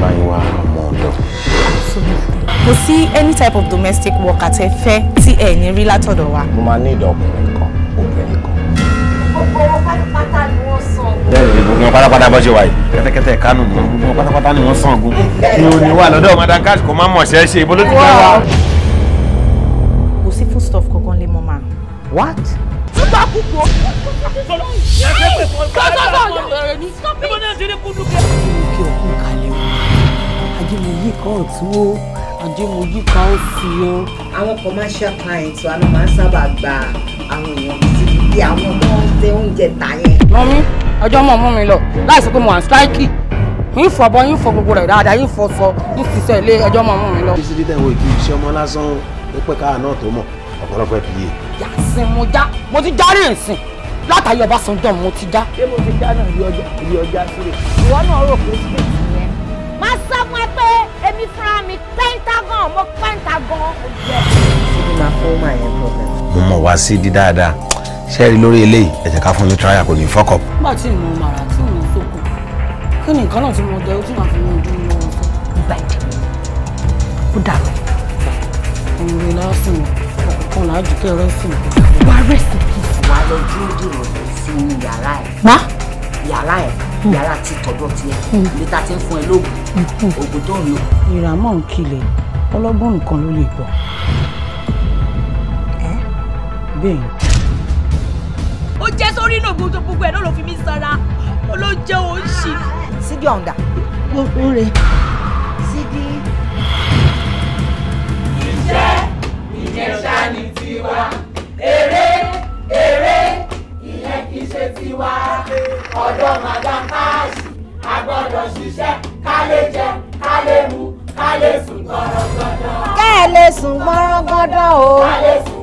bá yín wá ọmọ ọ̀dọ̀. kò sí any type of domestic worker tẹ fẹ́ tí ẹ ní rí látọ̀dọ̀ wa. mo máa ní ìdọ̀ ọkùnrin kan obìnrin kan. gbogbo wọn pátápátá ni wọ́n sàn. bẹ́ẹ̀ ni gbogbo wọn pátápátá bọ́ ṣe wáyé kẹ́tẹ́kẹ́tẹ́ kánú mọ́ gbogbo wọn pátápátá ni wọ́n sàn ogun. mi ò ní wà lọ́dọ̀ madam cash kò má mọ̀ ṣẹ́ ṣe ibo ló ti fẹ́ wá. kò sí food stuff kankan lè mọ́ máa. what? túbà kúkú. kọ́ńtà náà yà. ìbọn náà ṣe é kúndùkẹ́ ajínigbíkà ọ̀tún o ajínigbíkà òsì o. àwọn commercial clients wa ló máa ń sábà gba àwọn èèyàn síbi bí àwọn tó ń ṣe oúnjẹ tà yẹn. mọ́mí ọjọ́ mọ̀ mú mi lọ láìsí pé mo wà ń ṣáìkì yín fọ̀bọ yín fọ gbogbo rẹ̀ dáadáa yín fọ sọ yín fi sọ ilé ẹjọ́ mọ̀ mú mi lọ. bísí dídẹ̀ wo ìkí iṣẹ́ ọmọ lásán ó pẹ́ káà náà tó mọ̀ ọ̀pọ̀lọpọ̀ ẹ̀fì yé. yàtí mo já mo ti já rìn sìn látàrí Ọbásanjọ́ mo ti já. ṣé mo ti já náà ilé ọjà sílẹ̀. ìwọ náà rò pé sílẹ̀ sí yẹn. máa sá máa náà mo pẹ́ǹta gan. mo mọ̀ wá sí di dáadáa ṣẹ́ẹ̀rí lórí eléyìí ẹ̀jẹ̀ ká fún mi tíráyà kò ní fọ́kọ̀. nígbà tí mo màrà tí mo sókun kí ni nǹkan náà tí mo jẹ ojú màá fi mú ojú mi lọ́wọ́ fún. ìgbà ìdí ó dàrú. òun lè lásìmọ̀ ọ̀kan làájú kẹrẹ sí mi. wàá rẹ̀ sí kí. wàá lọ dúró dèrò sínú yàrá ẹ̀. má yàrá ẹ yàrá ti tọ̀dọ̀ tiẹ̀ níta hmm. ti ń fún ẹ lóògùn hmm. oògùn tó ń ọlọ́gbọ́n nìkan ló lè gbọ́ bẹ́ẹ̀ ni. ó jẹ́ sórí náà gbogbo gbogbo ẹ̀ náà ló fi mí sanra ó ló jẹ́ òun ṣì. sídìí ọ̀ǹda. ó rè sídìí. sùn gbọ́nrọ́gbọ́dọ̀ o. a lè sùn.